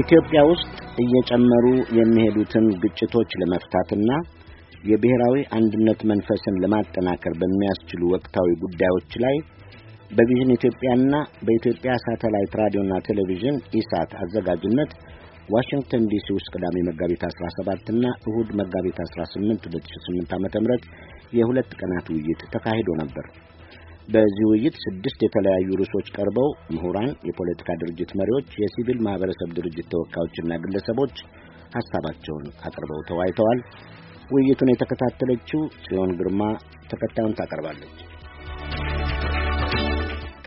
ኢትዮጵያ ውስጥ እየጨመሩ የሚሄዱትን ግጭቶች ለመፍታትና የብሔራዊ አንድነት መንፈስን ለማጠናከር በሚያስችሉ ወቅታዊ ጉዳዮች ላይ በቪዥን ኢትዮጵያና በኢትዮጵያ ሳተላይት ራዲዮና ቴሌቪዥን ኢሳት አዘጋጅነት ዋሽንግተን ዲሲ ውስጥ ቅዳሜ መጋቢት 17 እና እሁድ መጋቢት 18 2008 ዓ.ም የሁለት ቀናት ውይይት ተካሂዶ ነበር። በዚህ ውይይት ስድስት የተለያዩ ርዕሶች ቀርበው ምሁራን፣ የፖለቲካ ድርጅት መሪዎች፣ የሲቪል ማህበረሰብ ድርጅት ተወካዮችና ግለሰቦች ሀሳባቸውን አቅርበው ተወያይተዋል። ውይይቱን የተከታተለችው ጽዮን ግርማ ተከታዩን ታቀርባለች።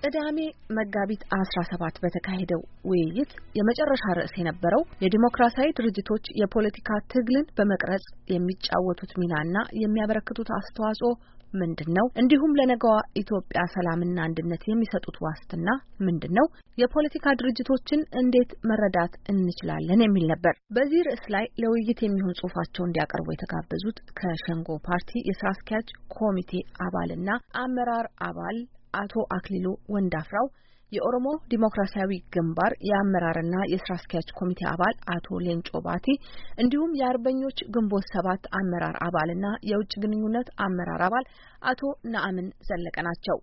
ቅዳሜ መጋቢት አስራ ሰባት በተካሄደው ውይይት የመጨረሻ ርዕስ የነበረው የዲሞክራሲያዊ ድርጅቶች የፖለቲካ ትግልን በመቅረጽ የሚጫወቱት ሚናና የሚያበረክቱት አስተዋጽኦ ምንድን ነው? እንዲሁም ለነገዋ ኢትዮጵያ ሰላምና አንድነት የሚሰጡት ዋስትና ምንድን ነው? የፖለቲካ ድርጅቶችን እንዴት መረዳት እንችላለን? የሚል ነበር። በዚህ ርዕስ ላይ ለውይይት የሚሆን ጽሁፋቸው እንዲያቀርቡ የተጋበዙት ከሸንጎ ፓርቲ የስራ አስኪያጅ ኮሚቴ አባልና አመራር አባል አቶ አክሊሉ ወንዳፍራው የኦሮሞ ዲሞክራሲያዊ ግንባር የአመራርና የስራ አስኪያጅ ኮሚቴ አባል አቶ ሌንጮ ባቲ እንዲሁም የአርበኞች ግንቦት ሰባት አመራር አባልና የውጭ ግንኙነት አመራር አባል አቶ ነአምን ዘለቀ ናቸው።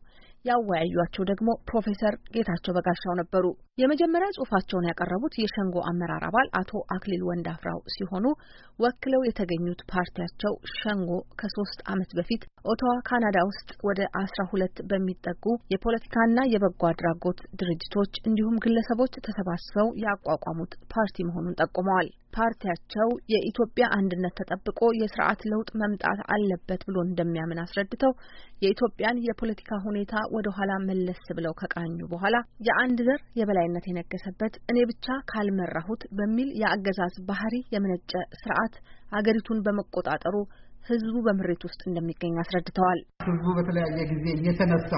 ያወያዩቸው ደግሞ ፕሮፌሰር ጌታቸው በጋሻው ነበሩ። የመጀመሪያ ጽሁፋቸውን ያቀረቡት የሸንጎ አመራር አባል አቶ አክሊል ወንዳፍራው ሲሆኑ ወክለው የተገኙት ፓርቲያቸው ሸንጎ ከሶስት ዓመት በፊት ኦቶዋ ካናዳ ውስጥ ወደ አስራ ሁለት በሚጠጉ የፖለቲካና የበጎ አድራጎት ድርጅቶች እንዲሁም ግለሰቦች ተሰባስበው ያቋቋሙት ፓርቲ መሆኑን ጠቁመዋል። ፓርቲያቸው የኢትዮጵያ አንድነት ተጠብቆ የስርዓት ለውጥ መምጣት አለበት ብሎ እንደሚያምን አስረድተው የኢትዮጵያን የፖለቲካ ሁኔታ ወደ ኋላ መለስ ብለው ከቃኙ በኋላ የአንድ ዘር የበላይ የበላይነት የነገሰበት እኔ ብቻ ካልመራሁት በሚል የአገዛዝ ባህሪ የመነጨ ስርዓት አገሪቱን በመቆጣጠሩ ህዝቡ በምሬት ውስጥ እንደሚገኝ አስረድተዋል። ህዝቡ በተለያየ ጊዜ እየተነሳ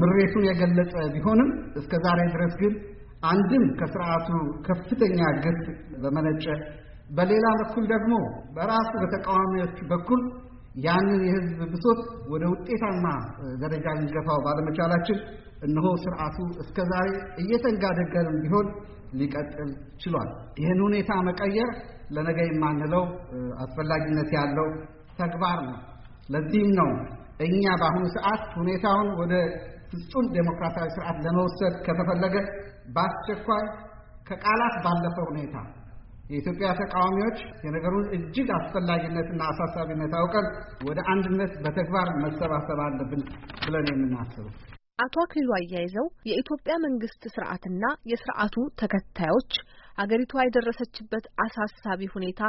ምሬቱን የገለጸ ቢሆንም እስከ ዛሬ ድረስ ግን አንድም ከስርዓቱ ከፍተኛ ግፍ በመነጨ በሌላ በኩል ደግሞ በራሱ በተቃዋሚዎች በኩል ያንን የህዝብ ብሶት ወደ ውጤታማ ደረጃ ሊገፋው ባለመቻላችን እነሆ ስርዓቱ እስከ ዛሬ እየተንጋደገንም ቢሆን ሊቀጥል ችሏል። ይህን ሁኔታ መቀየር ለነገ የማንለው አስፈላጊነት ያለው ተግባር ነው። ለዚህም ነው እኛ በአሁኑ ሰዓት ሁኔታውን ወደ ፍጹም ዴሞክራሲያዊ ስርዓት ለመወሰድ ከተፈለገ በአስቸኳይ ከቃላት ባለፈ ሁኔታ የኢትዮጵያ ተቃዋሚዎች የነገሩን እጅግ አስፈላጊነትና አሳሳቢነት አውቀን ወደ አንድነት በተግባር መሰባሰብ አለብን ብለን የምናስበው አቶ አክሊሉ አያይዘው የኢትዮጵያ መንግስት ስርዓትና የስርዓቱ ተከታዮች አገሪቷ የደረሰችበት አሳሳቢ ሁኔታ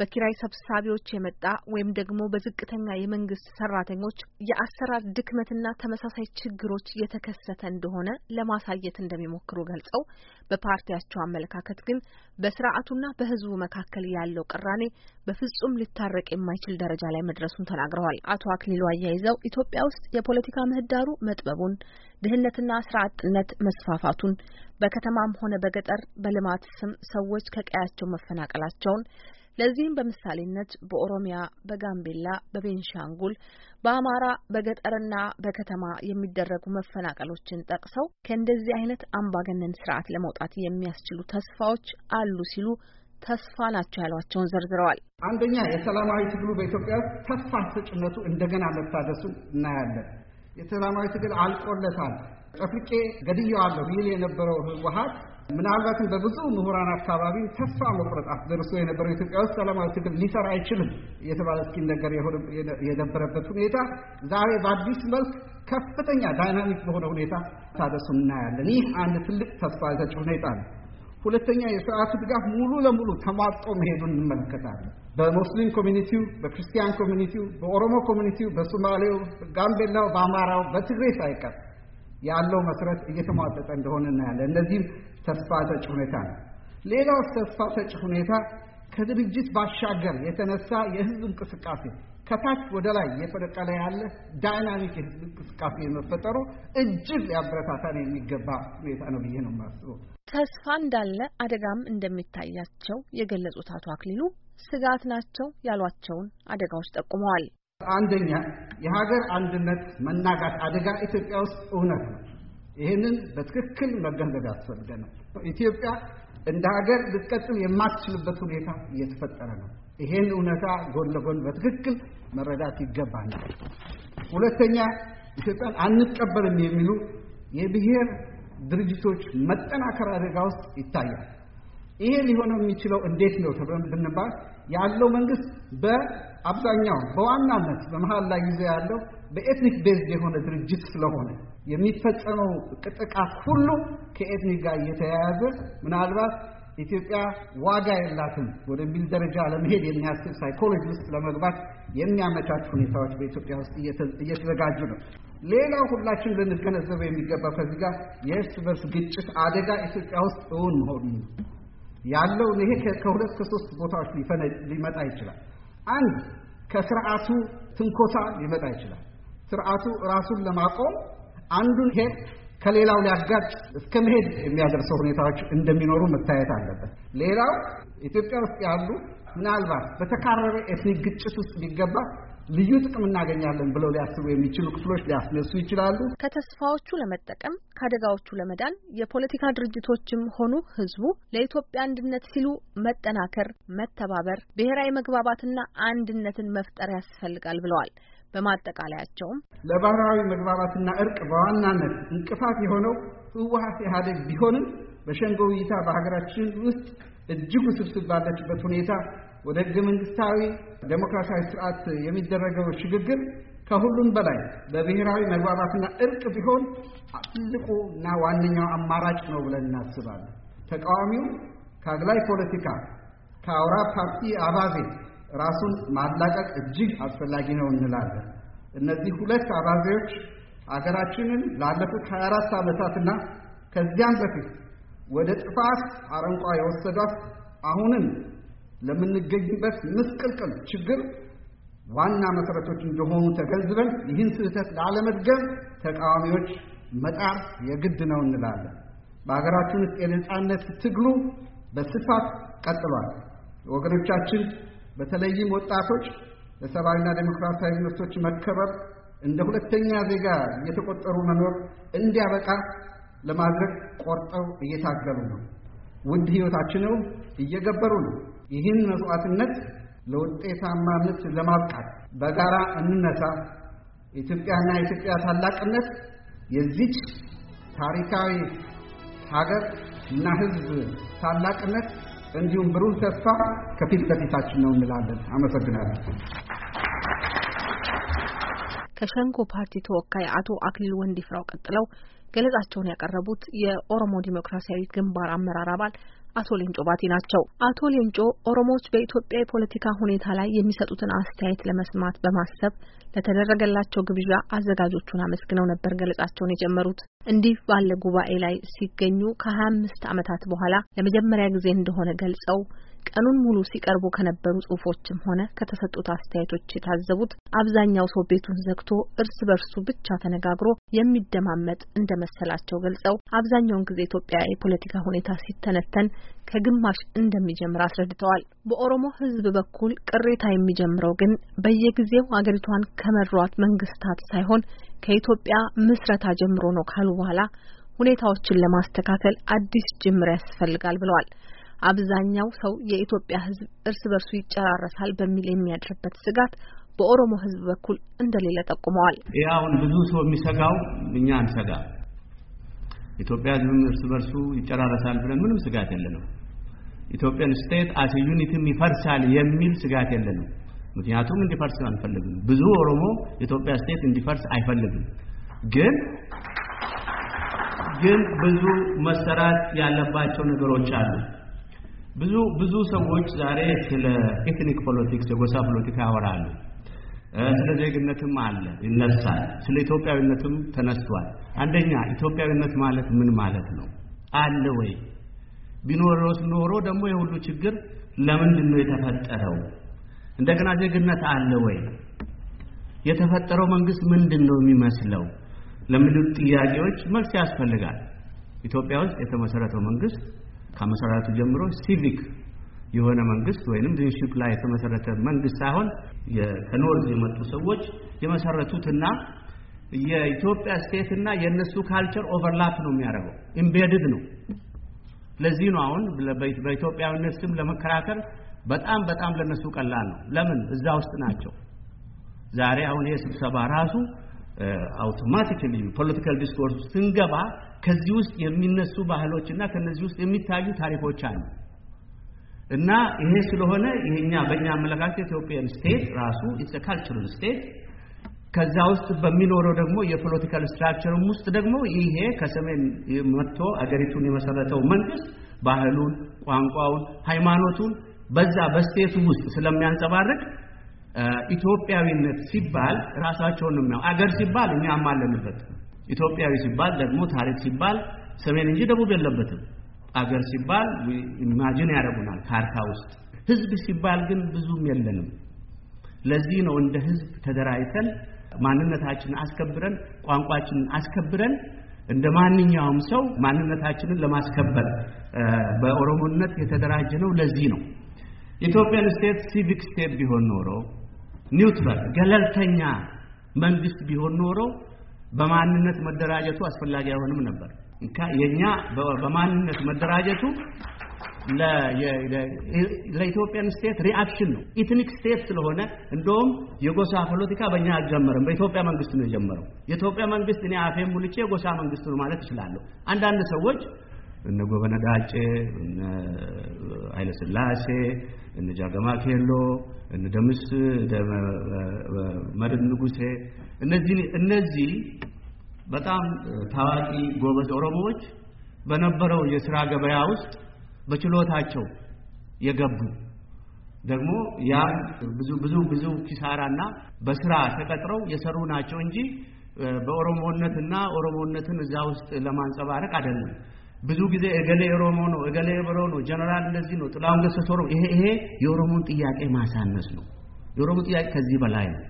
በኪራይ ሰብሳቢዎች የመጣ ወይም ደግሞ በዝቅተኛ የመንግስት ሰራተኞች የአሰራር ድክመትና ተመሳሳይ ችግሮች የተከሰተ እንደሆነ ለማሳየት እንደሚሞክሩ ገልጸው በፓርቲያቸው አመለካከት ግን በስርዓቱና በህዝቡ መካከል ያለው ቅራኔ በፍጹም ሊታረቅ የማይችል ደረጃ ላይ መድረሱን ተናግረዋል። አቶ አክሊሉ አያይዘው ኢትዮጵያ ውስጥ የፖለቲካ ምህዳሩ መጥበቡን፣ ድህነትና ስራ አጥነት መስፋፋቱን፣ በከተማም ሆነ በገጠር በልማት ስም ሰዎች ከቀያቸው መፈናቀላቸውን ለዚህም በምሳሌነት በኦሮሚያ፣ በጋምቤላ፣ በቤንሻንጉል፣ በአማራ በገጠርና በከተማ የሚደረጉ መፈናቀሎችን ጠቅሰው ከእንደዚህ አይነት አምባገነን ስርዓት ለመውጣት የሚያስችሉ ተስፋዎች አሉ ሲሉ ተስፋ ናቸው ያሏቸውን ዘርዝረዋል። አንደኛ የሰላማዊ ትግሉ በኢትዮጵያ ውስጥ ተስፋ ሰጭነቱ እንደገና መታደሱ እናያለን። የሰላማዊ ትግል አልቆለታል፣ ጨፍልቄ ገድየዋለሁ ይል የነበረው ህወሀት ምናልባትም በብዙ ምሁራን አካባቢ ተስፋ መቁረጥ ደርሶ የነበረው ኢትዮጵያ ውስጥ ሰላማዊ ትግል ሊሰራ አይችልም የተባለ ነገር የነበረበት ሁኔታ ዛሬ በአዲስ መልክ ከፍተኛ ዳይናሚክ በሆነ ሁኔታ ታደሱ እናያለን። ይህ አንድ ትልቅ ተስፋ ሰጪ ሁኔታ ነው። ሁለተኛ የስርዓቱ ድጋፍ ሙሉ ለሙሉ ተሟጦ መሄዱን እንመለከታለን። በሙስሊም ኮሚኒቲው፣ በክርስቲያን ኮሚኒቲው፣ በኦሮሞ ኮሚኒቲው፣ በሶማሌው፣ በጋምቤላው፣ በአማራው፣ በትግሬ ሳይቀር ያለው መሰረት እየተሟጠጠ እንደሆነ እናያለን። እነዚህም ተስፋ ሰጭ ሁኔታ ነው። ሌላው ተስፋ ሰጭ ሁኔታ ከድርጅት ባሻገር የተነሳ የህዝብ እንቅስቃሴ ከታች ወደ ላይ እየፈለቀለ ያለ ዳይናሚክ የህዝብ እንቅስቃሴ መፈጠሩ እጅግ ሊያበረታታን የሚገባ ሁኔታ ነው ብዬ ነው የማስበው። ተስፋ እንዳለ አደጋም እንደሚታያቸው የገለጹት አቶ አክሊሉ ስጋት ናቸው ያሏቸውን አደጋዎች ጠቁመዋል። አንደኛ የሀገር አንድነት መናጋት አደጋ ኢትዮጵያ ውስጥ እውነት ነው። ይህንን በትክክል መገንዘብ ያስፈልገናል። ኢትዮጵያ እንደ ሀገር ልትቀጥል የማትችልበት ሁኔታ እየተፈጠረ ነው። ይህን እውነታ ጎን ለጎን በትክክል መረዳት ይገባናል። ሁለተኛ ኢትዮጵያን አንቀበልም የሚሉ የብሔር ድርጅቶች መጠናከር አደጋ ውስጥ ይታያል። ይሄ ሊሆነው የሚችለው እንዴት ነው ተብሎ ብንባል ያለው መንግስት በአብዛኛው በዋናነት በመሀል ላይ ይዞ ያለው በኤትኒክ ቤዝድ የሆነ ድርጅት ስለሆነ የሚፈጸመው ጥቃት ሁሉ ከኤትኒክ ጋር እየተያያዘ ምናልባት ኢትዮጵያ ዋጋ የላትም ወደሚል ደረጃ ለመሄድ የሚያስብ ሳይኮሎጂ ውስጥ ለመግባት የሚያመቻች ሁኔታዎች በኢትዮጵያ ውስጥ እየተዘጋጁ ነው። ሌላው ሁላችን ልንገነዘበው የሚገባ ከዚህ ጋር የእርስ በርስ ግጭት አደጋ ኢትዮጵያ ውስጥ እውን መሆኑ ነው። ያለው ይሄ ከሁለት ከሶስት ቦታዎች ሊመጣ ይችላል። አንድ ከስርዓቱ ትንኮሳ ሊመጣ ይችላል። ስርዓቱ ራሱን ለማቆም አንዱን ሄድ ከሌላው ሊያጋጭ እስከ መሄድ የሚያደርሰው ሁኔታዎች እንደሚኖሩ መታየት አለበት። ሌላው ኢትዮጵያ ውስጥ ያሉ ምናልባት በተካረረ ኤትኒክ ግጭት ውስጥ ሊገባ ልዩ ጥቅም እናገኛለን ብለው ሊያስቡ የሚችሉ ክፍሎች ሊያስነሱ ይችላሉ። ከተስፋዎቹ ለመጠቀም ከአደጋዎቹ ለመዳን የፖለቲካ ድርጅቶችም ሆኑ ህዝቡ ለኢትዮጵያ አንድነት ሲሉ መጠናከር፣ መተባበር፣ ብሔራዊ መግባባትና አንድነትን መፍጠር ያስፈልጋል ብለዋል። በማጠቃለያቸውም ለባህራዊ መግባባትና እርቅ በዋናነት እንቅፋት የሆነው ህወሀት ኢህአዴግ ቢሆንም በሸንጎ ውይይታ በሀገራችን ውስጥ እጅግ ውስብስብ ባለችበት ሁኔታ ወደ ህገ መንግስታዊ ዴሞክራሲያዊ ስርዓት የሚደረገው ሽግግር ከሁሉም በላይ በብሔራዊ መግባባትና እርቅ ቢሆን እና ዋነኛው አማራጭ ነው ብለን እናስባለን። ተቃዋሚው ከአግላይ ፖለቲካ ከአውራ ፓርቲ አባዜ ራሱን ማላቀቅ እጅግ አስፈላጊ ነው እንላለን። እነዚህ ሁለት አባዜዎች አገራችንን ላለፉት 24 ዓመታትና ከዚያም በፊት ወደ ጥፋት አረንቋ የወሰዷት አሁንም ለምንገኝበት ምስቅልቅል ችግር ዋና መሰረቶች እንደሆኑ ተገንዝበን ይህን ስህተት ላለመድገም ተቃዋሚዎች መጣር የግድ ነው እንላለን። በሀገራችን ውስጥ የነጻነት ትግሉ በስፋት ቀጥሏል። ወገኖቻችን በተለይም ወጣቶች ለሰብአዊና ዴሞክራሲያዊ መብቶች መከበር እንደ ሁለተኛ ዜጋ እየተቆጠሩ መኖር እንዲያበቃ ለማድረግ ቆርጠው እየታገሉ ነው። ውድ ሕይወታችንን እየገበሩ ነው። ይህን መስዋዕትነት ለውጤታማነት ለማብቃት በጋራ እንነሳ። ኢትዮጵያና የኢትዮጵያ ታላቅነት የዚች ታሪካዊ ሀገር እና ሕዝብ ታላቅነት እንዲሁም ብሩህ ተስፋ ከፊት ለፊታችን ነው እንላለን። አመሰግናለሁ። ከሸንጎ ፓርቲ ተወካይ አቶ አክሊል ፍራው ቀጥለው ገለጻቸውን ያቀረቡት የኦሮሞ ዴሞክራሲያዊ ግንባር አመራር አባል አቶ ሌንጮ ባቲ ናቸው። አቶ ሌንጮ ኦሮሞዎች በኢትዮጵያ የፖለቲካ ሁኔታ ላይ የሚሰጡትን አስተያየት ለመስማት በማሰብ ለተደረገላቸው ግብዣ አዘጋጆቹን አመስግነው ነበር ገለጻቸውን የጀመሩት። እንዲህ ባለ ጉባኤ ላይ ሲገኙ ከሀያ አምስት ዓመታት በኋላ ለመጀመሪያ ጊዜ እንደሆነ ገልጸው ቀኑን ሙሉ ሲቀርቡ ከነበሩ ጽሁፎችም ሆነ ከተሰጡት አስተያየቶች የታዘቡት አብዛኛው ሰው ቤቱን ዘግቶ እርስ በርሱ ብቻ ተነጋግሮ የሚደማመጥ እንደመሰላቸው ገልጸው አብዛኛውን ጊዜ ኢትዮጵያ የፖለቲካ ሁኔታ ሲተነተን ከግማሽ እንደሚጀምር አስረድተዋል። በኦሮሞ ሕዝብ በኩል ቅሬታ የሚጀምረው ግን በየጊዜው አገሪቷን ከመሯት መንግስታት ሳይሆን ከኢትዮጵያ ምስረታ ጀምሮ ነው ካሉ በኋላ ሁኔታዎችን ለማስተካከል አዲስ ጅምር ያስፈልጋል ብለዋል። አብዛኛው ሰው የኢትዮጵያ ሕዝብ እርስ በርሱ ይጨራረሳል በሚል የሚያድርበት ስጋት በኦሮሞ ሕዝብ በኩል እንደሌለ ጠቁመዋል። ይህ አሁን ብዙ ሰው የሚሰጋው እኛ አንሰጋ ኢትዮጵያ ሕዝብም እርስ በርሱ ይጨራረሳል ብለን ምንም ስጋት የለንም። ኢትዮጵያን ስቴት አስ ዩኒቲም ይፈርሳል የሚል ስጋት የለንም። ምክንያቱም እንዲፈርስ አንፈልግም። ብዙ ኦሮሞ ኢትዮጵያ ስቴት እንዲፈርስ አይፈልግም። ግን ግን ብዙ መሰራት ያለባቸው ነገሮች አሉ። ብዙ ብዙ ሰዎች ዛሬ ስለ ኤትኒክ ፖለቲክስ የጎሳ ፖለቲካ ያወራሉ። ስለ ዜግነትም አለ ይነሳል። ስለ ኢትዮጵያዊነትም ተነስቷል። አንደኛ ኢትዮጵያዊነት ማለት ምን ማለት ነው? አለ ወይ? ቢኖረውስ ኖሮ ደግሞ የሁሉ ችግር ለምንድን ነው የተፈጠረው? እንደገና ዜግነት አለ ወይ? የተፈጠረው መንግስት ምንድን ነው የሚመስለው? ለሚሉት ጥያቄዎች መልስ ያስፈልጋል። ኢትዮጵያ ውስጥ የተመሰረተው መንግስት ከመሰረቱ ጀምሮ ሲቪክ የሆነ መንግስት ወይንም ሊደርሺፕ ላይ የተመሰረተ መንግስት ሳይሆን ከኖርዝ የመጡ ሰዎች የመሰረቱትና የኢትዮጵያ ስቴት እና የነሱ ካልቸር ኦቨርላፕ ነው የሚያደርገው፣ ኢምቤድድ ነው። ለዚህ ነው አሁን በኢትዮጵያዊነት ስም ለመከራከር በጣም በጣም ለነሱ ቀላል ነው። ለምን እዛ ውስጥ ናቸው። ዛሬ አሁን ይሄ ስብሰባ ራሱ አውቶማቲካሊ ፖለቲካል ዲስኮርስ ስንገባ ከዚህ ውስጥ የሚነሱ ባህሎች እና ከነዚህ ውስጥ የሚታዩ ታሪኮች አሉ እና ይሄ ስለሆነ ይሄኛ በእኛ አመለካከት ኢትዮጵያን ስቴት ራሱ ኢትስ ካልቸራል ስቴት ከዛ ውስጥ በሚኖረው ደግሞ የፖለቲካል ስትራክቸርም ውስጥ ደግሞ ይሄ ከሰሜን መጥቶ አገሪቱን የመሰረተው መንግስት ባህሉን፣ ቋንቋውን፣ ሃይማኖቱን በዛ በስቴቱ ውስጥ ስለሚያንጸባርቅ ኢትዮጵያዊነት ሲባል ራሳቸውን ነው አገር ሲባል እኛ አማለንበት ኢትዮጵያዊ ሲባል ደግሞ ታሪክ ሲባል ሰሜን እንጂ ደቡብ የለበትም። አገር ሲባል ኢማጂን ያደርጉናል ካርታ ውስጥ። ህዝብ ሲባል ግን ብዙም የለንም። ለዚህ ነው እንደ ህዝብ ተደራጅተን ማንነታችንን አስከብረን ቋንቋችንን አስከብረን እንደ ማንኛውም ሰው ማንነታችንን ለማስከበር በኦሮሞነት የተደራጀ ነው። ለዚህ ነው ኢትዮጵያን ስቴት ሲቪክ ስቴት ቢሆን ኖሮ ኒውትራል ገለልተኛ መንግስት ቢሆን ኖሮ በማንነት መደራጀቱ አስፈላጊ አይሆንም ነበር። እንካ የኛ በማንነት መደራጀቱ ለኢትዮጵያን ስቴት ሪአክሽን ነው። ኢትኒክ ስቴት ስለሆነ እንደውም የጎሳ ፖለቲካ በእኛ አልጀመረም፣ በኢትዮጵያ መንግስት ነው የጀመረው። የኢትዮጵያ መንግስት እኔ አፌን ሙልቼ የጎሳ መንግስት ነው ማለት እችላለሁ። አንዳንድ ሰዎች እነ ጎበነ ዳጬ እነ ኃይለ ስላሴ፣ እነ ጃገማ ኬሎ እነ ደምስ መድን ንጉሴ እነዚህ እነዚህ በጣም ታዋቂ ጎበዝ ኦሮሞዎች በነበረው የሥራ ገበያ ውስጥ በችሎታቸው የገቡ ደግሞ ያ ብዙ ብዙ ብዙ ኪሳራና በስራ ተቀጥረው የሰሩ ናቸው እንጂ በኦሮሞነትና ኦሮሞነትን እዛ ውስጥ ለማንጸባረቅ አይደለም። ብዙ ጊዜ እገሌ ኦሮሞ ነው፣ እገሌ ብሎ ነው፣ ጀነራል እንደዚህ ነው፣ ጥላሁን ገሰሰ ኦሮሞ። ይሄ ይሄ የኦሮሞን ጥያቄ ማሳነስ ነው። የኦሮሞ ጥያቄ ከዚህ በላይ ነው።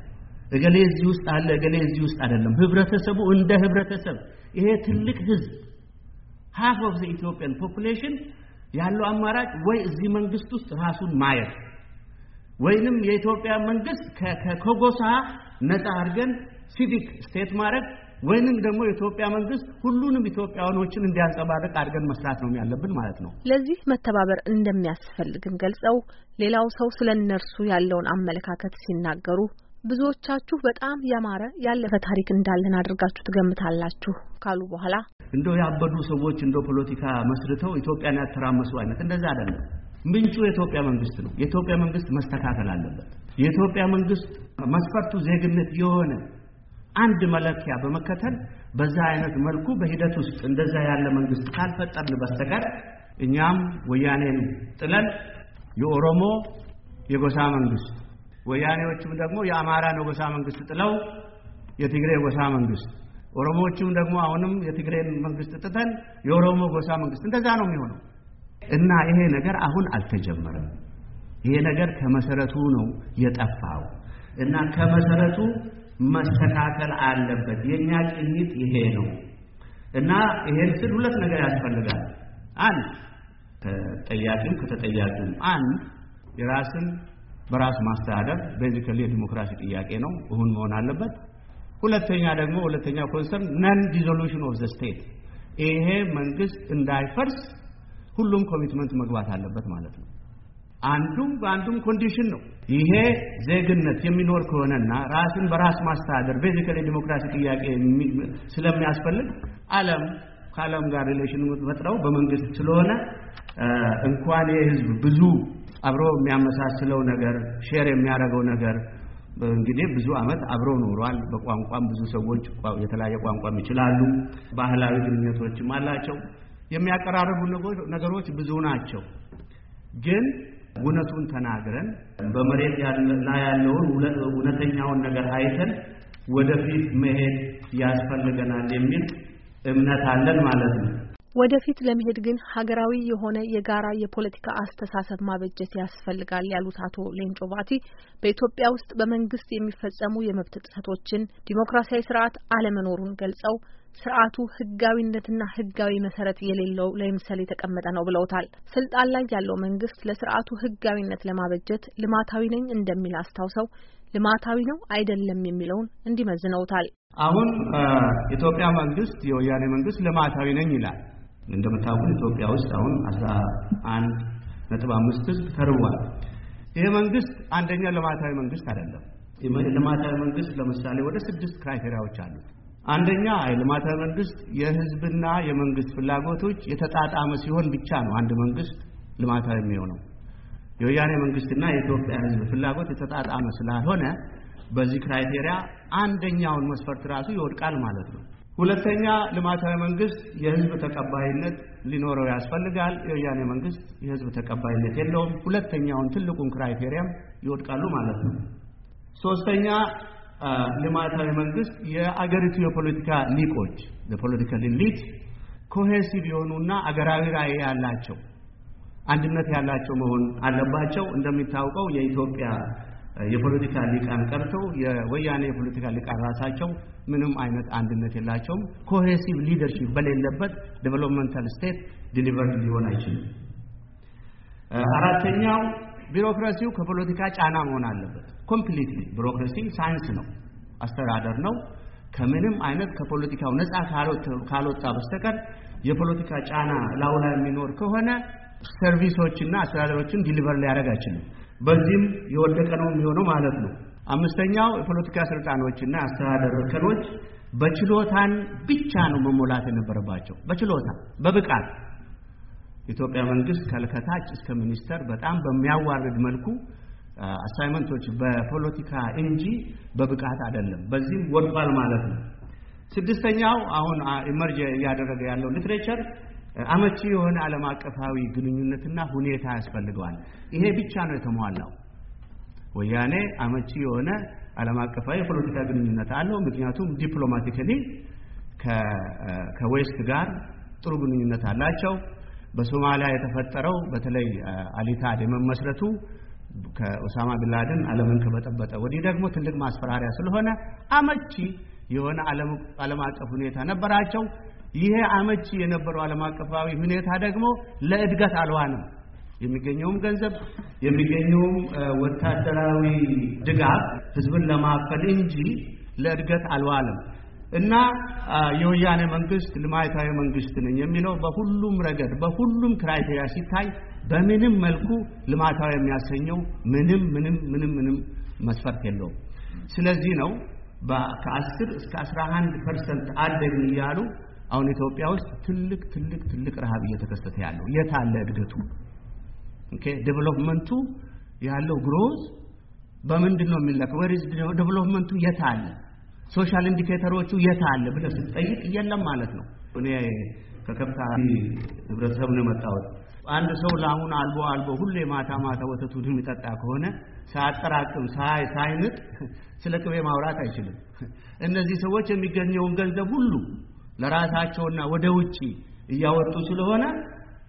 እገሌ እዚህ ውስጥ አለ፣ እገሌ እዚህ ውስጥ አይደለም። ህብረተሰቡ እንደ ህብረተሰብ ይሄ ትልቅ ህዝብ half of the Ethiopian population ያለው አማራጭ ወይ እዚህ መንግስት ውስጥ ራሱን ማየት ወይንም የኢትዮጵያ መንግስት ከጎሳ ነፃ አድርገን ሲቪክ ስቴት ማድረግ ወይንም ደግሞ የኢትዮጵያ መንግስት ሁሉንም ኢትዮጵያውያኖችን እንዲያንጸባርቅ አድርገን መስራት ነው ያለብን ማለት ነው። ለዚህ መተባበር እንደሚያስፈልግም ገልጸው ሌላው ሰው ስለ እነርሱ ያለውን አመለካከት ሲናገሩ ብዙዎቻችሁ በጣም ያማረ ያለፈ ታሪክ እንዳለን አድርጋችሁ ትገምታላችሁ ካሉ በኋላ እንደው ያበዱ ሰዎች እንደው ፖለቲካ መስርተው ኢትዮጵያን ያተራመሱ አይነት እንደዛ አይደለም። ምንጩ የኢትዮጵያ መንግስት ነው። የኢትዮጵያ መንግስት መስተካከል አለበት። የኢትዮጵያ መንግስት መስፈርቱ ዜግነት የሆነ አንድ መለኪያ በመከተል በዛ አይነት መልኩ በሂደት ውስጥ እንደዛ ያለ መንግስት ካልፈጠርን በስተቀር እኛም ወያኔን ጥለን የኦሮሞ የጎሳ መንግስት ወያኔዎችም ደግሞ የአማራን የጎሳ መንግስት ጥለው የትግሬ ጎሳ መንግስት ኦሮሞዎችም ደግሞ አሁንም የትግሬን መንግስት ጥተን የኦሮሞ ጎሳ መንግስት እንደዛ ነው የሚሆነው እና ይሄ ነገር አሁን አልተጀመረም። ይሄ ነገር ከመሰረቱ ነው የጠፋው እና ከመሰረቱ መስተካከል አለበት። የኛ ቅኝት ይሄ ነው እና ይሄን ስል ሁለት ነገር ያስፈልጋል። አንድ ከጠያቂም ከተጠያቂም አንድ የራስን በራስ ማስተዳደር ቤዚካሊ የዲሞክራሲ ጥያቄ ነው፣ እሁን መሆን አለበት። ሁለተኛ ደግሞ ሁለተኛው ኮንሰርን ነን ዲዞሉሽን ኦፍ ዘ ስቴት ይሄ መንግስት እንዳይፈርስ ሁሉም ኮሚትመንት መግባት አለበት ማለት ነው። አንዱም በአንዱም ኮንዲሽን ነው። ይሄ ዜግነት የሚኖር ከሆነና ራስን በራስ ማስተዳደር ቤዚካሊ ዲሞክራሲ ጥያቄ ስለሚያስፈልግ ዓለም ከዓለም ጋር ሪሌሽን ፈጥረው በመንግስት ስለሆነ እንኳን የህዝብ ብዙ አብሮ የሚያመሳስለው ነገር ሼር የሚያደርገው ነገር እንግዲህ ብዙ ዓመት አብሮ ኖሯል። በቋንቋም ብዙ ሰዎች የተለያየ ቋንቋም ይችላሉ። ባህላዊ ግንኙነቶችም አላቸው። የሚያቀራርቡ ነገሮች ብዙ ናቸው ግን እውነቱን ተናግረን በመሬት ላይ ያለውን እውነተኛውን ነገር አይተን ወደፊት መሄድ ያስፈልገናል የሚል እምነት አለን ማለት ነው። ወደፊት ለመሄድ ግን ሀገራዊ የሆነ የጋራ የፖለቲካ አስተሳሰብ ማበጀት ያስፈልጋል ያሉት አቶ ሌንጮ ባቲ በኢትዮጵያ ውስጥ በመንግስት የሚፈጸሙ የመብት ጥሰቶችን ዲሞክራሲያዊ ስርዓት አለመኖሩን ገልጸው ስርዓቱ ህጋዊነትና ህጋዊ መሰረት የሌለው ለምሳሌ የተቀመጠ ነው ብለውታል። ስልጣን ላይ ያለው መንግስት ለስርዓቱ ህጋዊነት ለማበጀት ልማታዊ ነኝ እንደሚል አስታውሰው ልማታዊ ነው አይደለም የሚለውን እንዲመዝነውታል። አሁን ኢትዮጵያ መንግስት የወያኔ መንግስት ልማታዊ ነኝ ይላል። እንደምታውቁት ኢትዮጵያ ውስጥ አሁን አስራ አንድ ነጥብ አምስት ህዝብ ተርቧል። ይሄ መንግስት አንደኛ ልማታዊ መንግስት አይደለም። ልማታዊ መንግስት ለምሳሌ ወደ ስድስት ክራይቴሪያዎች አሉት። አንደኛ የልማታዊ መንግስት የህዝብና የመንግስት ፍላጎቶች የተጣጣመ ሲሆን ብቻ ነው አንድ መንግስት ልማታዊ የሚሆነው። የወያኔ መንግስትና የኢትዮጵያ ህዝብ ፍላጎት የተጣጣመ ስላልሆነ በዚህ ክራይቴሪያ አንደኛውን መስፈርት ራሱ ይወድቃል ማለት ነው። ሁለተኛ ልማታዊ መንግስት የህዝብ ተቀባይነት ሊኖረው ያስፈልጋል። የወያኔ መንግስት የህዝብ ተቀባይነት የለውም። ሁለተኛውን ትልቁን ክራይቴሪያም ይወድቃሉ ማለት ነው። ሶስተኛ ልማታዊ መንግስት የአገሪቱ የፖለቲካ ሊቆች የፖለቲካል ሊት ኮሄሲቭ የሆኑና አገራዊ ራዕይ ያላቸው አንድነት ያላቸው መሆን አለባቸው። እንደሚታወቀው የኢትዮጵያ የፖለቲካ ሊቃን ቀርቶ የወያኔ የፖለቲካ ሊቃን ራሳቸው ምንም አይነት አንድነት የላቸውም። ኮሄሲቭ ሊደርሺፕ በሌለበት ዴቨሎፕመንታል ስቴት ዲሊቨር ሊሆን አይችልም። አራተኛው ቢሮክራሲው ከፖለቲካ ጫና መሆን አለበት። ኮምፕሊትሊ ቢሮክራሲ ሳይንስ ነው፣ አስተዳደር ነው። ከምንም አይነት ከፖለቲካው ነፃ ካልወጣ በስተቀር የፖለቲካ ጫና ላውላ ላይ የሚኖር ከሆነ ሰርቪሶችና አስተዳደሮችን ዲሊቨር ሊያደርግ አይችልም። በዚህም የወደቀ ነው የሚሆነው ማለት ነው። አምስተኛው የፖለቲካ ስልጣኖችና አስተዳደር እርከኖች በችሎታን ብቻ ነው መሞላት የነበረባቸው። በችሎታ በብቃት የኢትዮጵያ መንግስት ከልከታች እስከ ሚኒስተር በጣም በሚያዋርድ መልኩ አሳይመንቶች በፖለቲካ እንጂ በብቃት አይደለም። በዚህም ወድቋል ማለት ነው። ስድስተኛው አሁን ኢመርጅ እያደረገ ያለው ሊትሬቸር አመቺ የሆነ ዓለም አቀፋዊ ግንኙነትና ሁኔታ ያስፈልገዋል። ይሄ ብቻ ነው የተሟላው። ወያኔ አመቺ የሆነ ዓለም አቀፋዊ የፖለቲካ ግንኙነት አለው። ምክንያቱም ዲፕሎማቲካሊ ከዌስት ጋር ጥሩ ግንኙነት አላቸው። በሶማሊያ የተፈጠረው በተለይ አሊካድ የመመስረቱ ከኦሳማ ቢንላደን ዓለምን ከበጠበጠ ወዲህ ደግሞ ትልቅ ማስፈራሪያ ስለሆነ አመቺ የሆነ ዓለም አቀፍ ሁኔታ ነበራቸው። ይሄ አመቺ የነበረው ዓለም አቀፋዊ ሁኔታ ደግሞ ለእድገት አልዋ የሚገኘውም ገንዘብ የሚገኘውም ወታደራዊ ድጋፍ ህዝብን ለማፈል እንጂ ለእድገት አልዋለም። እና የወያኔ መንግስት ልማታዊ መንግስት ነኝ የሚለው በሁሉም ረገድ በሁሉም ክራይቴሪያ ሲታይ በምንም መልኩ ልማታዊ የሚያሰኘው ምንም ምንም ምንም ምንም መስፈርት የለውም። ስለዚህ ነው ከ10 እስከ 11 ፐርሰንት አደግን እያሉ አሁን ኢትዮጵያ ውስጥ ትልቅ ትልቅ ትልቅ ረሃብ እየተከሰተ ያለው የት አለ እድገቱ? ኦኬ ዴቨሎፕመንቱ ያለው ግሮዝ በምንድን ነው የሚለካው? ዴቨሎፕመንቱ የት አለ? ሶሻል ኢንዲኬተሮቹ የት አለ ብለህ ስትጠይቅ የለም ማለት ነው። እኔ ከከብታ ህብረተሰብ ነው የመጣሁት። አንድ ሰው ላሙን አልቦ አልቦ ሁሌ ማታ ማታ ወተቱን የሚጠጣ ከሆነ ሳያጠራቅም ሳይ ሳይንጥ ስለ ቅቤ ማውራት አይችልም። እነዚህ ሰዎች የሚገኘውን ገንዘብ ሁሉ ለራሳቸውና ወደ ውጪ እያወጡ ስለሆነ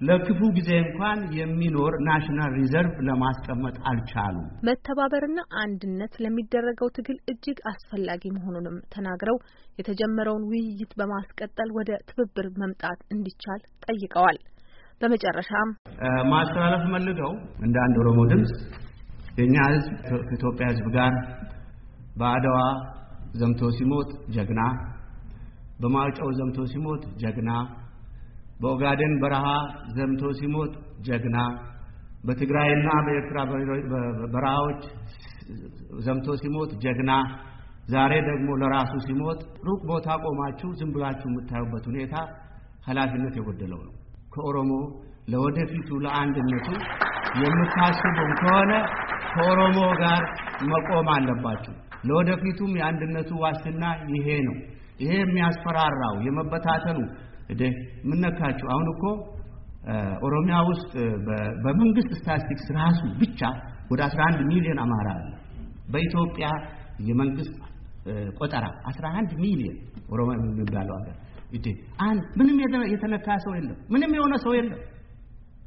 ለክፉ ጊዜ እንኳን የሚኖር ናሽናል ሪዘርቭ ለማስቀመጥ አልቻሉም። መተባበርና አንድነት ለሚደረገው ትግል እጅግ አስፈላጊ መሆኑንም ተናግረው የተጀመረውን ውይይት በማስቀጠል ወደ ትብብር መምጣት እንዲቻል ጠይቀዋል። በመጨረሻም ማስተላለፍ መልገው እንደ አንድ ኦሮሞ ድምፅ የእኛ ህዝብ ከኢትዮጵያ ህዝብ ጋር በአድዋ ዘምቶ ሲሞት ጀግና፣ በማይጨው ዘምቶ ሲሞት ጀግና በኦጋዴን በረሃ ዘምቶ ሲሞት ጀግና፣ በትግራይና በኤርትራ በረሃዎች ዘምቶ ሲሞት ጀግና፣ ዛሬ ደግሞ ለራሱ ሲሞት ሩቅ ቦታ ቆማችሁ ዝም ብላችሁ የምታዩበት ሁኔታ ኃላፊነት የጎደለው ነው። ከኦሮሞ ለወደፊቱ ለአንድነቱ የምታስቡም ከሆነ ከኦሮሞ ጋር መቆም አለባችሁ። ለወደፊቱም የአንድነቱ ዋስትና ይሄ ነው። ይሄ የሚያስፈራራው የመበታተኑ ምነካችሁ አሁን እኮ ኦሮሚያ ውስጥ በመንግስት ስታቲስቲክስ ራሱ ብቻ ወደ 11 ሚሊዮን አማራ አለ። በኢትዮጵያ የመንግስት ቆጠራ 11 ሚሊዮን ኦሮሚያ የሚባለው አገር እንዴ አን ምንም የተነካ ሰው የለም። ምንም የሆነ ሰው የለም።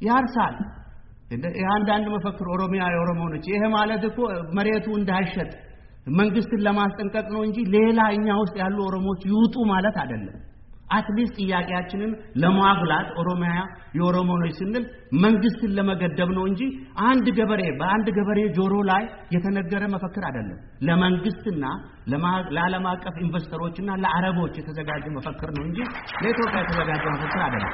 ያርሳል እንደ መፈክር ኦሮሚያ የኦሮሞ ነች። ይሄ ማለት እኮ መሬቱ እንዳይሸጥ መንግስትን ለማስጠንቀቅ ነው እንጂ ሌላ እኛ ውስጥ ያሉ ኦሮሞዎች ይውጡ ማለት አይደለም። አትሊስት ጥያቄያችንን ለማጉላት ኦሮሚያ የኦሮሞ ነች ስንል መንግስትን ለመገደብ ነው እንጂ አንድ ገበሬ በአንድ ገበሬ ጆሮ ላይ የተነገረ መፈክር አይደለም። ለመንግስትና ለዓለም አቀፍ ኢንቨስተሮችና ለአረቦች የተዘጋጀ መፈክር ነው እንጂ ለኢትዮጵያ የተዘጋጀ መፈክር አይደለም።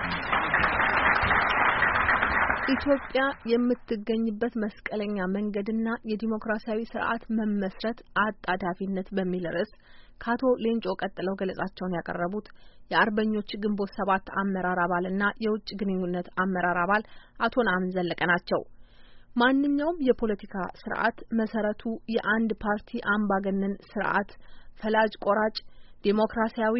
ኢትዮጵያ የምትገኝበት መስቀለኛ መንገድና የዲሞክራሲያዊ ስርዓት መመስረት አጣዳፊነት በሚል ርዕስ ከአቶ ሌንጮ ቀጥለው ገለጻቸውን ያቀረቡት የአርበኞች ግንቦት ሰባት አመራር አባልና የውጭ ግንኙነት አመራር አባል አቶ ነአም ዘለቀ ናቸው። ማንኛውም የፖለቲካ ስርዓት መሰረቱ የአንድ ፓርቲ አምባገነን ስርዓት ፈላጅ ቆራጭ ዴሞክራሲያዊ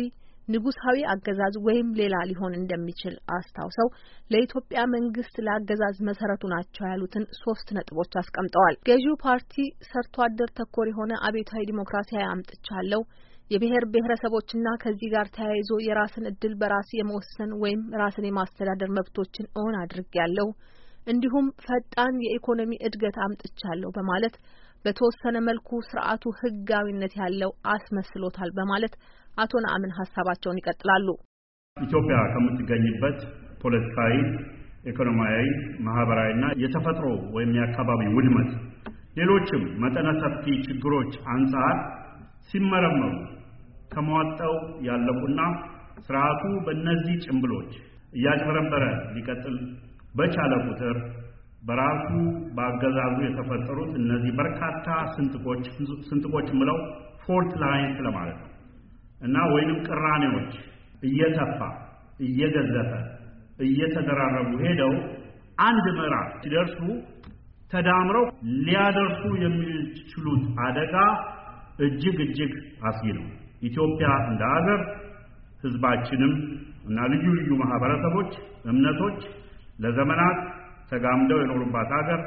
ንጉሳዊ አገዛዝ ወይም ሌላ ሊሆን እንደሚችል አስታውሰው ለኢትዮጵያ መንግስት ለአገዛዝ መሰረቱ ናቸው ያሉትን ሶስት ነጥቦች አስቀምጠዋል። ገዢው ፓርቲ ሰርቶ አደር ተኮር የሆነ አብዮታዊ ዲሞክራሲያዊ አምጥቻለሁ፣ የብሔር ብሔረሰቦችና ከዚህ ጋር ተያይዞ የራስን እድል በራስ የመወሰን ወይም ራስን የማስተዳደር መብቶችን እውን አድርጌያለሁ፣ እንዲሁም ፈጣን የኢኮኖሚ እድገት አምጥቻለሁ በማለት በተወሰነ መልኩ ስርዓቱ ህጋዊነት ያለው አስመስሎታል በማለት አቶ ነአምን ሀሳባቸውን ይቀጥላሉ። ኢትዮጵያ ከምትገኝበት ፖለቲካዊ፣ ኢኮኖሚያዊ፣ ማህበራዊና የተፈጥሮ ወይም የአካባቢ ውድመት ሌሎችም መጠነ ሰፊ ችግሮች አንጻር ሲመረመሩ ከመዋጠው ያለቁና ስርዓቱ በእነዚህ ጭምብሎች እያጭበረበረ ሊቀጥል በቻለ ቁጥር በራሱ በአገዛዙ የተፈጠሩት እነዚህ በርካታ ስንጥቆች ስንጥቆች ምለው ፎርት ላይንስ ለማለት ነው እና ወይንም ቅራኔዎች እየተፋ እየገዘፈ እየተደራረቡ ሄደው አንድ ምዕራፍ ሲደርሱ ተዳምረው ሊያደርሱ የሚችሉት አደጋ እጅግ እጅግ አስጊ ነው። ኢትዮጵያ እንደ ሀገር ህዝባችንም እና ልዩ ልዩ ማህበረሰቦች፣ እምነቶች ለዘመናት ተጋምደው የኖሩባት ሀገር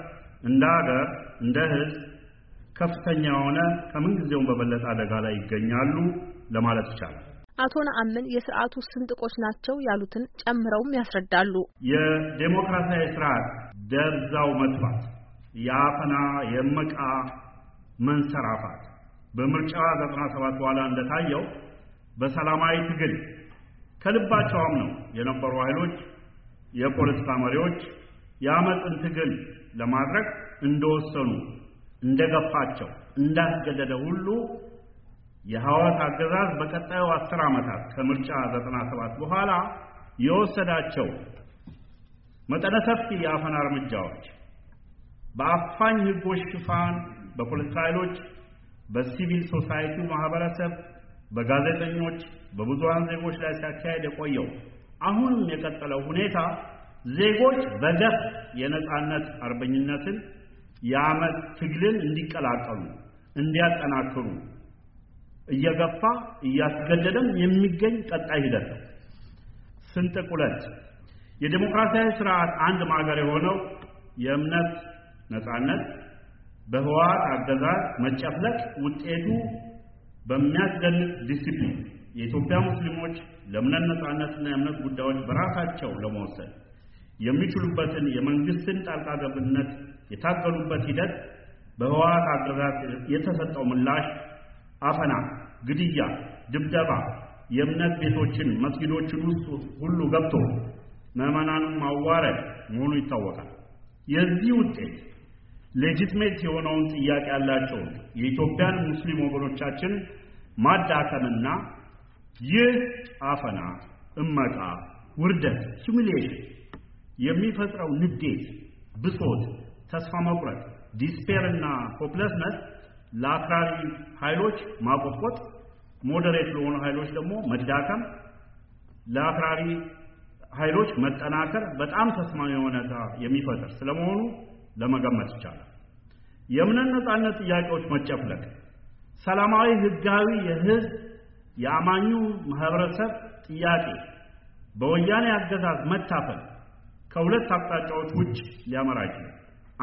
እንደ ሀገር እንደ ህዝብ ከፍተኛ የሆነ ከምንጊዜውም በበለጠ አደጋ ላይ ይገኛሉ። ለማለት ይቻላል። አቶ ነአምን የስርዓቱ ስንጥቆች ናቸው ያሉትን ጨምረውም ያስረዳሉ። የዴሞክራሲያዊ ስርዓት ደብዛው መጥፋት፣ የአፈና የመቃ መንሰራፋት በምርጫ 97 በኋላ እንደታየው በሰላማዊ ትግል ከልባቸውም ነው የነበሩ ኃይሎች የፖለቲካ መሪዎች የአመፅን ትግል ለማድረግ እንደወሰኑ እንደገፋቸው እንዳስገደደ ሁሉ የሐዋት አገዛዝ በቀጣዩ አስር ዓመታት ከምርጫ 97 በኋላ የወሰዳቸው መጠነ ሰፊ የአፈና እርምጃዎች በአፋኝ ህጎች ሽፋን በፖለቲካ ኃይሎች፣ በሲቪል ሶሳይቲ ማህበረሰብ፣ በጋዜጠኞች፣ በብዙሃን ዜጎች ላይ ሲያካሄድ የቆየው አሁንም የቀጠለው ሁኔታ ዜጎች በገፍ የነጻነት አርበኝነትን የአመት ትግልን እንዲቀላቀሉ እንዲያጠናክሩ እየገፋ እያስገደደም የሚገኝ ቀጣይ ሂደት ነው። ስንጥቁለት የዲሞክራሲያዊ ስርዓት አንድ ማገር የሆነው የእምነት ነጻነት በህወሓት አገዛዝ መጨፍለቅ ውጤቱ በሚያስደንቅ ዲሲፕሊን የኢትዮጵያ ሙስሊሞች ለእምነት ነጻነትና የእምነት ጉዳዮች በራሳቸው ለመወሰን የሚችሉበትን የመንግስትን ጣልቃ ገብነት የታገሉበት ሂደት በህወሓት አገዛዝ የተሰጠው ምላሽ አፈና፣ ግድያ፣ ድብደባ የእምነት ቤቶችን መስጊዶችን ውስጥ ሁሉ ገብቶ ምዕመናንን ማዋረድ መሆኑ ይታወቃል። የዚህ ውጤት ሌጂትሜት የሆነውን ጥያቄ ያላቸውን የኢትዮጵያን ሙስሊም ወገኖቻችን ማዳከምና ይህ አፈና፣ እመቃ፣ ውርደት፣ ሲሚሌሽን የሚፈጥረው ንዴት፣ ብሶት፣ ተስፋ መቁረጥ፣ ዲስፔር እና ሆፕለስነት ለአክራሪ ኃይሎች ማቆጥቆጥ፣ ሞዴሬት ለሆኑ ኃይሎች ደግሞ መዳከም፣ ለአክራሪ ኃይሎች መጠናከር በጣም ተስማሚ ሁኔታ የሚፈጥር ስለመሆኑ ለመገመት ይቻላል። የእምነት ነጻነት ጥያቄዎች መጨፍለቅ ሰላማዊ ህጋዊ የህዝብ የአማኙ ማህበረሰብ ጥያቄ በወያኔ አገዛዝ መታፈል ከሁለት አቅጣጫዎች ውጭ ሊያመራ ይችላል።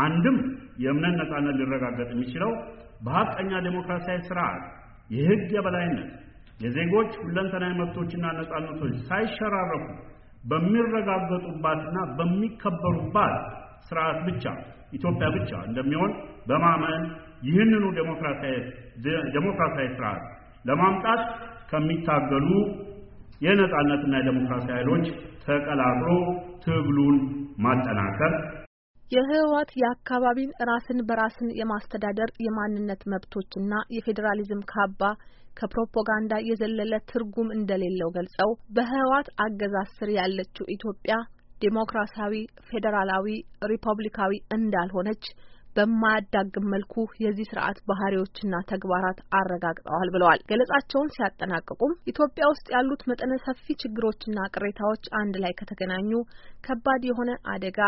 አንድም የእምነት ነጻነት ሊረጋገጥ የሚችለው በሐቀኛ ዴሞክራሲያዊ ስርዓት የህግ የበላይነት የዜጎች ሁለንተናዊ መብቶችና ነጻነቶች ሳይሸራረፉ በሚረጋገጡባትና በሚከበሩባት ስርዓት ብቻ ኢትዮጵያ ብቻ እንደሚሆን በማመን ይህንኑ ዴሞክራሲያዊ ዴሞክራሲያዊ ስርዓት ለማምጣት ከሚታገሉ የነጻነትና የዴሞክራሲ ኃይሎች ተቀላቅሎ ትግሉን ማጠናከር የህወሓት የአካባቢን ራስን በራስን የማስተዳደር የማንነት መብቶችና የፌዴራሊዝም ካባ ከፕሮፓጋንዳ የዘለለ ትርጉም እንደሌለው ገልጸው በህወሓት አገዛዝ ስር ያለችው ኢትዮጵያ ዴሞክራሲያዊ፣ ፌዴራላዊ፣ ሪፐብሊካዊ እንዳልሆነች በማያዳግም መልኩ የዚህ ስርዓት ባህሪዎችና ተግባራት አረጋግጠዋል ብለዋል። ገለጻቸውን ሲያጠናቅቁም ኢትዮጵያ ውስጥ ያሉት መጠነ ሰፊ ችግሮችና ቅሬታዎች አንድ ላይ ከተገናኙ ከባድ የሆነ አደጋ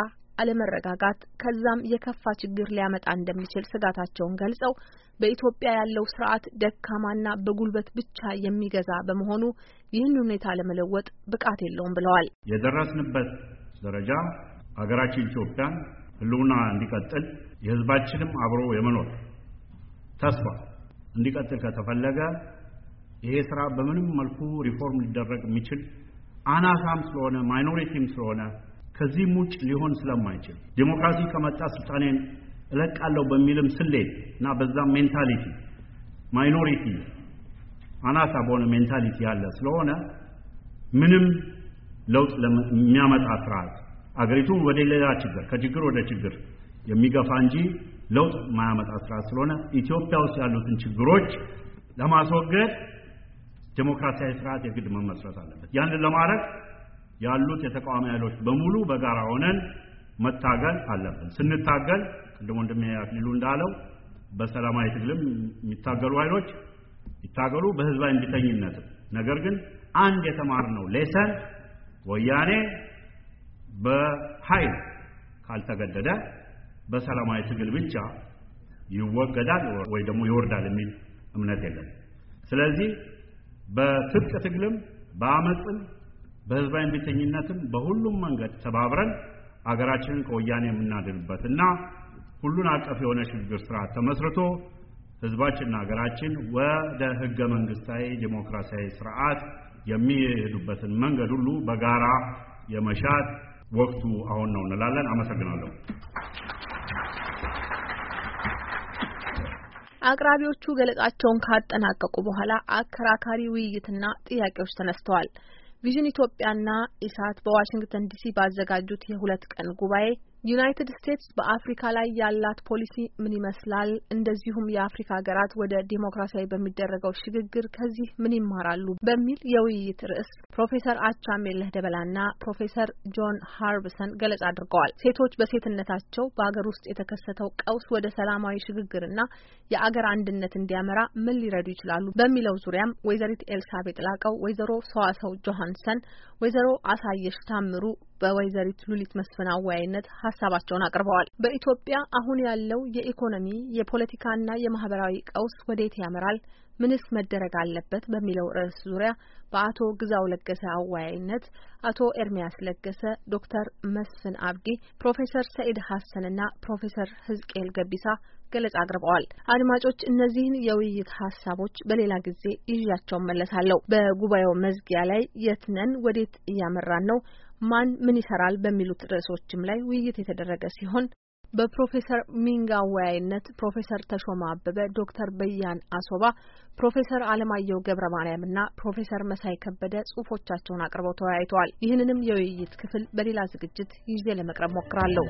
አለመረጋጋት ከዛም የከፋ ችግር ሊያመጣ እንደሚችል ስጋታቸውን ገልጸው በኢትዮጵያ ያለው ስርዓት ደካማና በጉልበት ብቻ የሚገዛ በመሆኑ ይህን ሁኔታ ለመለወጥ ብቃት የለውም ብለዋል። የደረስንበት ደረጃ ሀገራችን ኢትዮጵያን ህልውና እንዲቀጥል የህዝባችንም አብሮ የመኖር ተስፋ እንዲቀጥል ከተፈለገ ይሄ ስራ በምንም መልኩ ሪፎርም ሊደረግ የሚችል አናሳም ስለሆነ ማይኖሪቲም ስለሆነ ከዚህም ውጭ ሊሆን ስለማይችል ዲሞክራሲ ከመጣ ስልጣኔን እለቃለሁ በሚልም ስሌት እና በዛም ሜንታሊቲ ማይኖሪቲ አናሳ በሆነ ሜንታሊቲ ያለ ስለሆነ ምንም ለውጥ የሚያመጣ ስርዓት አገሪቱን ወደ ሌላ ችግር ከችግር ወደ ችግር የሚገፋ እንጂ ለውጥ የማያመጣ ስርዓት ስለሆነ ኢትዮጵያ ውስጥ ያሉትን ችግሮች ለማስወገድ ዴሞክራሲያዊ ስርዓት የግድ መመስረት አለበት። ያንን ለማድረግ ያሉት የተቃዋሚ ኃይሎች በሙሉ በጋራ ሆነን መታገል አለብን። ስንታገል ቅድም ወንድሜ አክሊሉ እንዳለው በሰላማዊ ትግልም የሚታገሉ ኃይሎች ይታገሉ፣ በህዝባዊ እንቢተኝነትም። ነገር ግን አንድ የተማርነው ሌሰን ወያኔ በኃይል ካልተገደደ በሰላማዊ ትግል ብቻ ይወገዳል ወይ ደግሞ ይወርዳል የሚል እምነት የለም። ስለዚህ በትጥቅ ትግልም በአመፅም በህዝባዊ ቤተኝነትም በሁሉም መንገድ ተባብረን አገራችንን ከወያኔ እና ሁሉን አቀፍ የሆነ ሽግግር ስርዓት ተመስርቶ ህዝባችንና ሀገራችን ወደ ህገ መንግስታዊ ዴሞክራሲያዊ ስርዓት የሚሄዱበትን መንገድ ሁሉ በጋራ የመሻት ወቅቱ አሁን ነው እንላለን። አመሰግናለሁ። አቅራቢዎቹ ገለጻቸውን ካጠናቀቁ በኋላ አከራካሪ ውይይትና ጥያቄዎች ተነስተዋል። ቪዥን ኢትዮጵያና ኢሳት በዋሽንግተን ዲሲ ባዘጋጁት የሁለት ቀን ጉባኤ ዩናይትድ ስቴትስ በአፍሪካ ላይ ያላት ፖሊሲ ምን ይመስላል? እንደዚሁም የአፍሪካ ሀገራት ወደ ዲሞክራሲያዊ በሚደረገው ሽግግር ከዚህ ምን ይማራሉ? በሚል የውይይት ርዕስ ፕሮፌሰር አቻሜለህ ደበላና ፕሮፌሰር ጆን ሃርብሰን ገለጻ አድርገዋል። ሴቶች በሴትነታቸው በሀገር ውስጥ የተከሰተው ቀውስ ወደ ሰላማዊ ሽግግርና የአገር አንድነት እንዲያመራ ምን ሊረዱ ይችላሉ? በሚለው ዙሪያም ወይዘሪት ኤልሳቤጥ ላቀው፣ ወይዘሮ ሰዋሰው ጆሀንሰን፣ ወይዘሮ አሳየሽ ታምሩ በወይዘሪት ሉሊት መስፍን አወያይነት ሀሳባቸውን አቅርበዋል። በኢትዮጵያ አሁን ያለው የኢኮኖሚ የፖለቲካና የማህበራዊ ቀውስ ወዴት ያመራል? ምንስ መደረግ አለበት? በሚለው ርዕስ ዙሪያ በአቶ ግዛው ለገሰ አወያይነት አቶ ኤርሚያስ ለገሰ፣ ዶክተር መስፍን አብዲ፣ ፕሮፌሰር ሰኢድ ሀሰንና ፕሮፌሰር ህዝቅኤል ገቢሳ ገለጻ አቅርበዋል። አድማጮች እነዚህን የውይይት ሀሳቦች በሌላ ጊዜ ይዣቸውን መለሳለሁ። በጉባኤው መዝጊያ ላይ የትነን ወዴት እያመራን ነው ማን ምን ይሰራል በሚሉት ርዕሶችም ላይ ውይይት የተደረገ ሲሆን በፕሮፌሰር ሚንጋ ወያይነት ፕሮፌሰር ተሾማ አበበ፣ ዶክተር በያን አሶባ፣ ፕሮፌሰር አለማየሁ ገብረ ማርያም እና ፕሮፌሰር መሳይ ከበደ ጽሁፎቻቸውን አቅርበው ተወያይተዋል። ይህንንም የውይይት ክፍል በሌላ ዝግጅት ይዤ ለመቅረብ ሞክራለሁ።